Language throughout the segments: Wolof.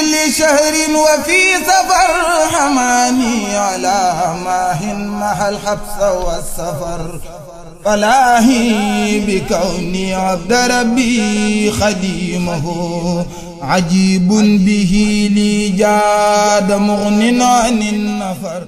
kulli shahrin wa fi safar xamaani ala maahin mahal xabsa wa safar falaahi bi kawni abda rabbi xadimahu ajibun bihi li jaada mugnin an nafar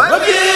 What?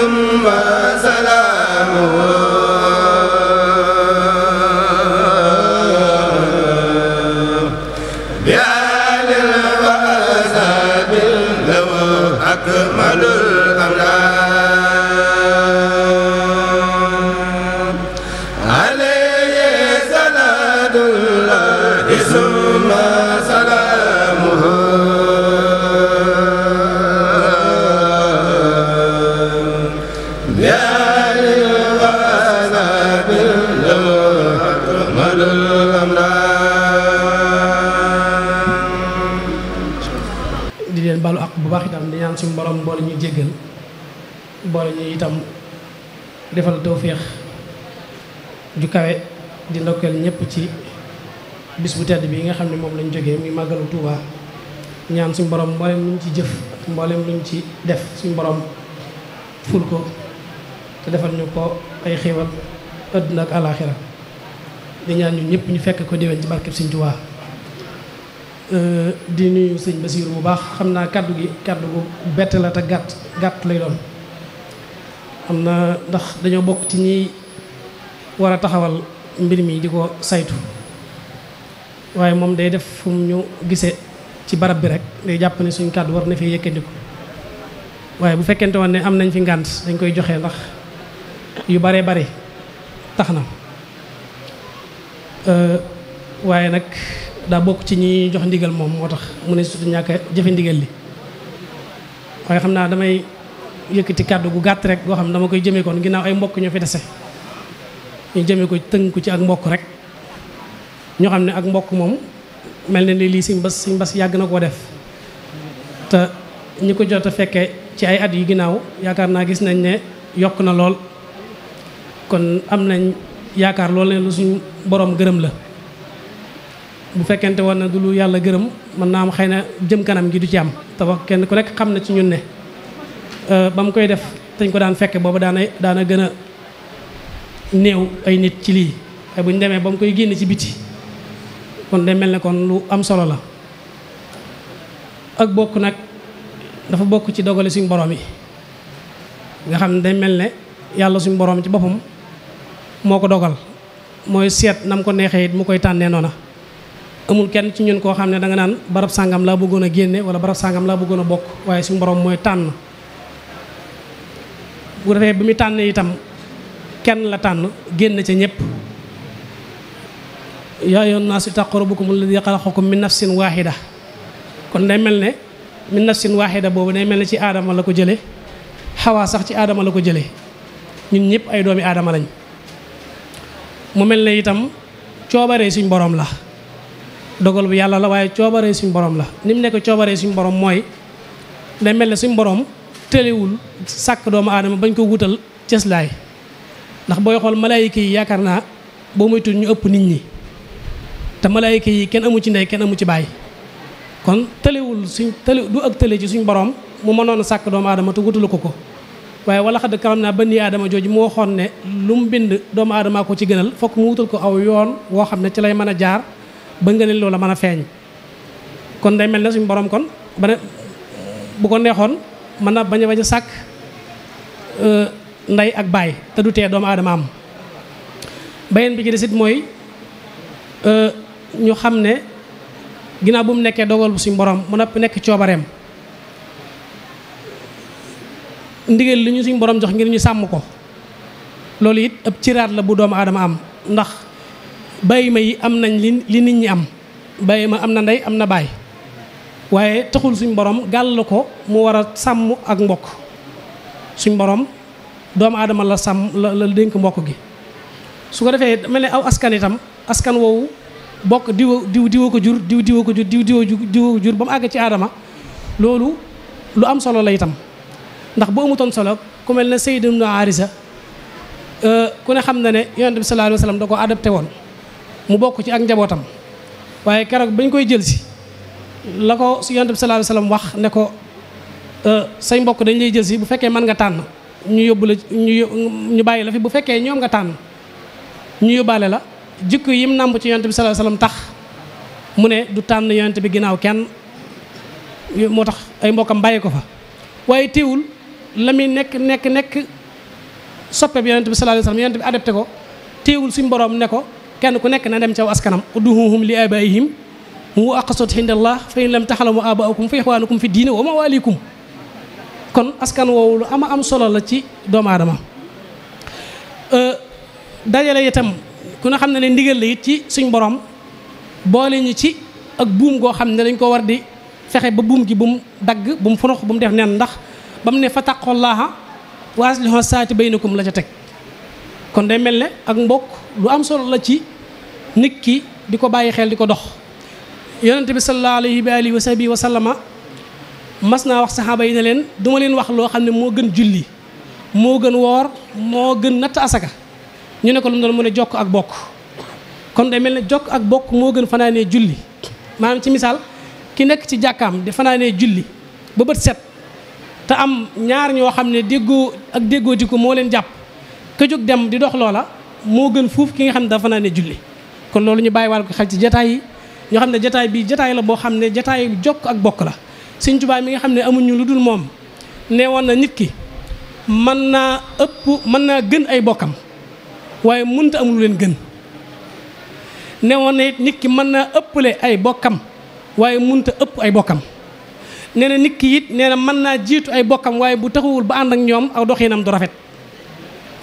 ثم ñaan suñu borom boole ñu jéggal boole ñu itam defal tawféex ju kawe di ndokkeel ñëpp ci bis bu tedd bi nga xam ne moom lañ jógee muy màggalu Tuuba ñaan suñu borom mbooleem luñ ci jëf mbooleem luñ ci def suñu borom ful ko te defal ñu ko ay xéewal àdduna ak alaaxira di ñaan ñu ñëpp ñu fekk ko déwén ci barkeb Sëñ Tuuba Euh, di nuyu sëñ Basiiru bu baax xam naa kàddu gi kàddu gu bett la te gàtt gàtt lay doon xam na ndax dañoo bokk ci ñi war a taxawal mbir mi di ko saytu waaye moom day def fu ñu gisee ci barab bi rek day jàpp ne suñ kàddu war na fee yëkkandiku waaye bu fekkente woon ne am nañ fi ngànt dañ koy joxee ndax yu baree bare tax na euh, waaye nag daa bokk ci ñi jox ndigal moom moo tax mu ne sutu ñàkk a jëfe ndigal li waaye xam naa damay yëkkati kàddu gu gàtt rek goo xam ne dama koy jëmee koon ginnaaw ay mbokk ñoo fi dese ñu jëmee ko ko ci ak mbokk rek ñoo xam ne ak mbokk moom mel na ni lii Sëñ Bass Sëñ Bass yàgg na koo def te ñi ko jot a fekkee ci ay at yu ginnaaw yaakaar naa gis nañ ne yokk na lool kon am nañ yaakaar lool ne lu suñ boroom gërëm la bu fekkente wan na du lu yàlla gërëm mën naa am xëy na jëm kanam gi du ci am te kenn ku nekk xam na ci ñun ne euh, ba mu koy def dañ ko daan fekke booba daana daana gën a néew ay nit ci lii ay bu ñu demee ba mu koy génne ci biti kon day mel ne kon lu am solo la ak bokk nag dafa bokk ci dogale suñ borom yi nga xam ne day mel ne yàlla suñu borom ci boppam moo ko dogal mooy seet nam ko neexee mu koy tànnee noona amul kenn ci ñun koo xam ne danga naan barab sàngam laa bëggoon a génne wala barab sàngam laa bëggoon bokk waaye su borom mooy tànn bu defee bi muy tànn itam kenn la tànn génn ca ñëpp yaa ayyuhan naasu ittaqu rabbakum alladi xalaqakum min nafsin waahida kon day mel ne min nafsin waahida boobu day mel ne ci aadama la ko jële xawaa sax ci aadama la ko jële ñun ñëpp ay doomi aadama lañ mu mel ne itam coobaree suñ borom la dogal bu yàlla la waaye coobaree suñu boroom la ni mu nekk coobaree suñ borom mooy day mel ne suñ boroom tëliwul sàkk doomu aadama bañ ko wutal cëslaay ndax booy xool malaayika yi yaakaar naa boo moytuwul ñu ëpp nit ñi te malaayika yi kenn amu ci ndey kenn amu ci bàyyi kon tëliwul suñ tëli du ak tëli ci suñ borom mu mënoon a sàkk doomu aadama te wutalu ko ko waaye wala xadd karam naa bani aadama jooju mu waxoon ne lu mu bind doomu aadamaa ko ci gënal fokk mu ko aw yoon woo xam ne ci lay mën a jaar ba nga loola mën a feeñ kon day mel ne suñ boroom kon ba ne bu ko neexoon mën a bañ a bañ a sàkk euh, ndey ak baay te du tee doomu aadama am beneen bi ci des it mooy euh, ñu xam ne ginnaaw bu mu nekkee dogalu bu suñu borom mu nopp nekk coobareem ndigal li ñu suñ borom jox ngir ñu sàmm ko loolu it ab ciraat la bu doomu aadama am ndax bàyyi ma yi am nañ li li nit ñi am bàyyi ma am na ndey am na baay waaye taxul suñ borom gàll ko mu war a sàmm ak mbokk suñ boroom doomu aadama la sàmm la la dénk mbokk gi su ko defee mel ne aw askan itam askan woowu bokk diw diw diwa ko jur diw diwa ko jur diw diwa diwa ko jur ba mu àgg ci aadama loolu lu am solo la itam ndax bu amutoon solo ku mel ne Sayyiduna Arisa euh, ku ne xam na ne n bi sallallahu alayhi wa ko adopté woon mu bokk ci ak njabootam waaye keroog bañ koy jël si la ko su yonent bi sallallahu wax ne ko euh, say mbokk dañ lay jël si bu fekkee man nga tànn ñu yóbbu la ñu ñu bàyyi la fi bu fekkee ñoom nga tànn ñu yóbbaale la jikko yim nàmb ci yonent bi sallallahu alayhi wasallam tax mu ne du tànn yonent bi ginnaaw kenn moo tax ay mbokkam bàyyi ko fa waaye téewul la muy nekk nekk nekk soppe bi yonent bi sallallahu alayhi yonent bi adapté ko téewul suñ boroom ne ko kenn ku nekk na dem caw askanam udduhuhum li abaihim mu aqsot hindallah fa in lam taxalamu abaakum fa ixwaanukum fi diine wa mawalikum kon askan woowu lu ama am solo la ci doomu aadama dajale itam ku ne xam ne ne ndigal la ci suñ borom boole ñu ci ak buum goo xam ne dañ koo war di fexe ba buum gi bu mu dagg bu mu funux bu mu def nen ndax ba mu ne fa taqullaha wa aslihu saati baynakum la ca teg kon day mel ne ak mbokk lu am solo la ci nit ki di ko bàyyi xel di ko dox yonente bi sallallahu alayhi wa wa sahbihi wa sallama mas naa wax saxaaba yi ne leen duma leen wax loo xam ne moo gën julli moo gën woor moo gën natt asaka ñu ne ko lu mu doon ne jokk ak bokk kon day mel ne jokk ak bokk moo gën fanaanee julli maanaam ci misaal ki nekk ci jàkkaam di fanaanee julli ba bët set te am ñaar ñoo xam ne déggoo ak déggoo di ko moo leen jàpp ka jóg dem di dox loola moo gën foofu ki nga xam ne dafa naa ne julli kon loolu ñu bàyyiwaal ko xel ci jataay yi ñoo xam ne jataay bii jataay la boo xam ne jataay jokk ak bokk la Sëñ Tuubaa mi nga xam ne amuñu lu dul moom nee woon na nit ki mën naa ëpp mën naa gën ay bokkam waaye mënta am leen gën nee woon it nit ki mën naa ëppale ay bokkam waaye mënta ëpp ay bokkam nee na nit ki it nee na mën naa jiitu ay bokkam waaye bu taxawul ba ànd ak ñoom aw doxinam du rafet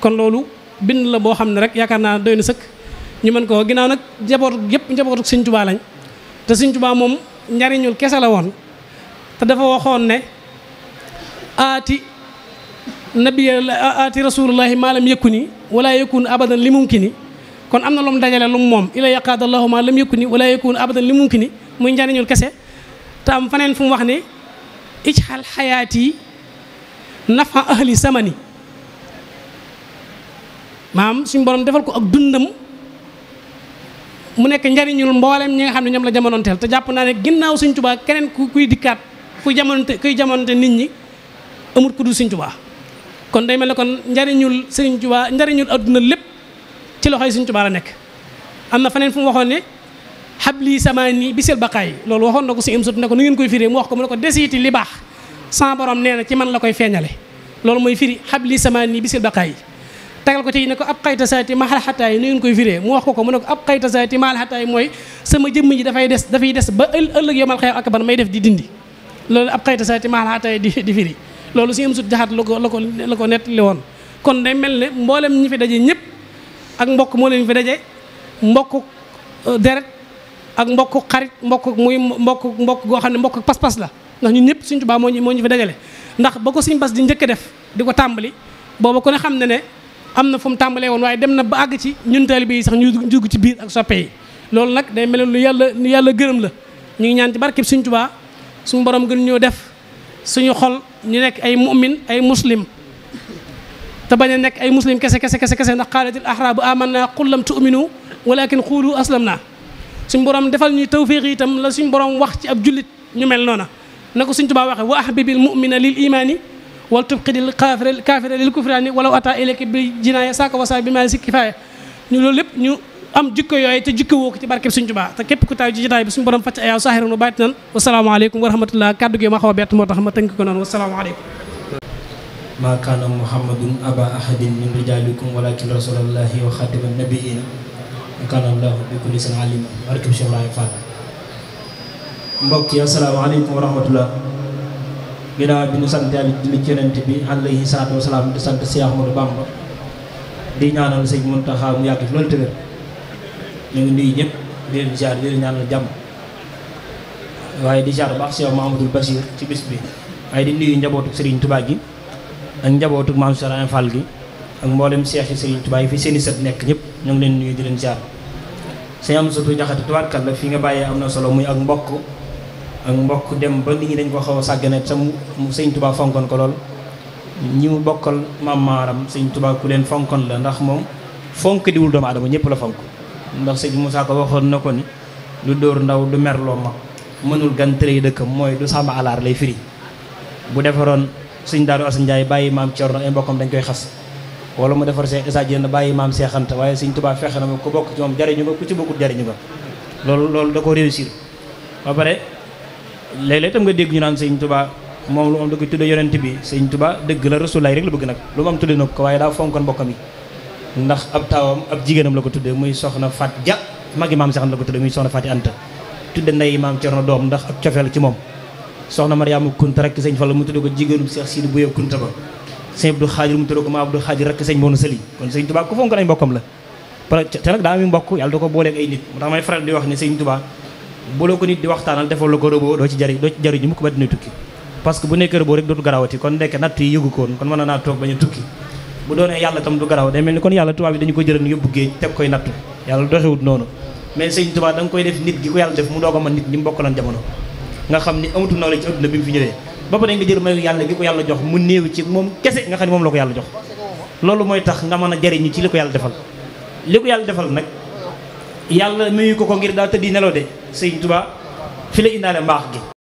kon loolu bind la boo xam ne rek yaakaar naa doy na sëkk ñu mën koo ginnaaw nag jabootu yëpp njabootu Sëñ Tuubaa lañ te Sëñ Tuubaa moom njariñul kese la woon te dafa waxoon ne aati nabiya aati rasulullahi maalam yëkku ni wala yëkkun abadan li mumki ni kon am na lu mu dajale lu moom ila yaqaad allahu ni wala yëkkun abadan li mumki ni muy njariñul kese te am faneen fu mu wax ne ijxal xayaati nafa ahli samani maam suñ borom defal ko ak dundam mu nekk njariñul mboolem ñi nga xam ne ñoom la jamonoonteel te jàpp naa ne ginnaaw suñ Tuubaa keneen ku kuy dikkaat kuy jamononte kuy jamononte nit ñi amul ku dul Sëñ kon day mel ne kon njariñul Sëñ Tuubaa njariñul adduna lépp ci loxoy Sëñ Tuubaa la nekk am na feneen fu mu waxoon ne xabli samaani bi sel baqaay loolu waxoon na ko si imsut ne ko nu ngeen koy firee mu wax ko mu ne ko desiti li baax sans borom nee na ci man la koy feeñale loolu mooy firi xabli samaani bi sel baqaay tagal ko ci ne ko ab xayta saati mahal xataay nu ngeen koy firee mu wax xataay mooy sama jëmm ji dafay des dafay des ba ëllëg yomal xew akbar may def di dindi loolu ab xayta saati mahal xataay di di firi loolu si am sut jaxaat la ko la ko woon kon day mel ne mboolem ñi fi daje ñëpp ak mbokk moo leen fi daje mbokk euh, deret ak mbokk xarit mbokk muy mbokk mbokk goo xam ne mbokk pas-pas la ndax ñun ñëpp suñ tubaa moo ñu moo ñu fi dajale ndax ba ko suñ bas di njëkk def di ko tàmbali booba ku xam ne am na fu mu tàmbalee woon waaye dem na ba àgg ci ñun taalibe yi sax ñu jug ci biir ak soppe yi loolu nag day mel lu yàlla lu yàlla gërëm la ñu ngi ñaan ci barkeb Sëñ Tuubaa suñu borom gën ñoo def suñu xol ñu nekk ay mu'min ay muslim te bañ a nekk ay muslim kese kese kese kese ndax qaalatil ahrabu amanna qul lam tu'minu walakin qulu naa suñ borom defal ñuy tawfiq itam la suñ borom wax ci ab jullit ñu mel noona na ko suñ Tuubaa waxe wa ahbibil mu'mina lil imaani wala tubxidil kaafira kaafira lil kufraani walaw ata ilayka bi jinaaya saaka wasaa bi maa si kifaaya ñu loolu lépp ñu am jikko yooyu te jikko woo ko ci barkeb Sëriñ Tuubaa te képp ku taw ci jotaay bi suñu borom facc ayaaw saaxiru nu bàyyi nan wasalaamaaleykum wa rahmatullah kàddu ma xaw a bett moo tax ma tënk ko noonu wasalaamaaleykum maa kaana muhammadun aba ahadin min rijaalikum walakin rasulallahi wa xaatiman nabiina wa kaana allahu bi kulli shay'in alima barkeb Cheikh Ibrahima Fall mbokk yi asalaamaaleykum ginnaaw a ñu sant yàlla bi alayhi salaatu wasalaam di sant Seex Ahmadu di ñaanal sëñ Muntaxa mu yàgg fi ngi nuyu ñëpp di leen ziar di leen ñaanal jàmm waaye di ziar baax Seex Mahamadul Basiir ci bis bi waaye di njabootu Serigne Touba gi ak njabootu Maam Serigne Fall gi ak mboolem seex yi Serigne Touba fi seen i nekk ñëpp ñu ngi leen nuyu leen ziar sëñ am satu jaxati fi nga bàyyee am na solo muy ak mbokk ak mbokk dem ba nit ñi dañ ko xaw sàggane te mu sëñ Tuubaa fonkoon ko lool ñi mu bokkal maam maaram sëñ Tuubaa ku leen fonkoon la ndax moom fonk diwul doomu aadama ñëpp la fonk ndax mu saa ko waxoon na ko ni du dóor ndaw du merloo mag mënul gan tërëy dëkkam mooy du sàmm alaar lay firi bu defaroon suñ Daaru Asan Njaay bàyyi maam Cerno ay mbokkam dañ koy xas wala mu defar Seex Isaa Jeen bàyyi maam seexanta waaye sëñ Tuubaa fexe na ma ku bokk ci moom jariñu ba ku ci bokkut ba léeg-léeg tam nga dégg ñu naan sëñ Tuubaa moom lu am da koy tudde yonent bi sëñ Tuubaa dëgg la rasulaay rek la bëgg nag lu mu am tudde na la ko tudde muy soxna Fat Ja magi maam saxam la ko tudde muy soxna Fati Anta tudde nday maam Cerno doom ndax ak cofeel ci moom soxna Mariama Kunta rek sëñ Fallu mu tudde ko jigéenum Seex Sidi Buye Kunta ba sëñ Abdou Xaadir mu tudde ko ma Abdou Xaadir rek sëñ Boonu Sëli kon sëñ Tuubaa ku fonkoon ay mbokkam la te nag daa mi mbokk boo la ko nit di waxtaanal defal la ko robot doo ci jari doo ci jariñu mukk ba dina tukki parce que bu nekkee robot rek dootu garawati kon nekk natt yi yëgu koon kon mën naa toog bañ a tukki bu doonee yàlla tam du garaw day mel ni kon yàlla tubaab yi dañu ko jëran yóbbu géej teg koy nattu yàlla doxewut noonu mais sëñ tubaab da koy def nit gi ko yàlla def mu doog a mën nit ñi mu bokkalan jamono nga xam ni amatu nawle ci adduna bi mu fi ñëwee ba pare la ko a jariñu ci li ko yàlla defal li ko sëñ Tuubaa fi la indaale mbaax gi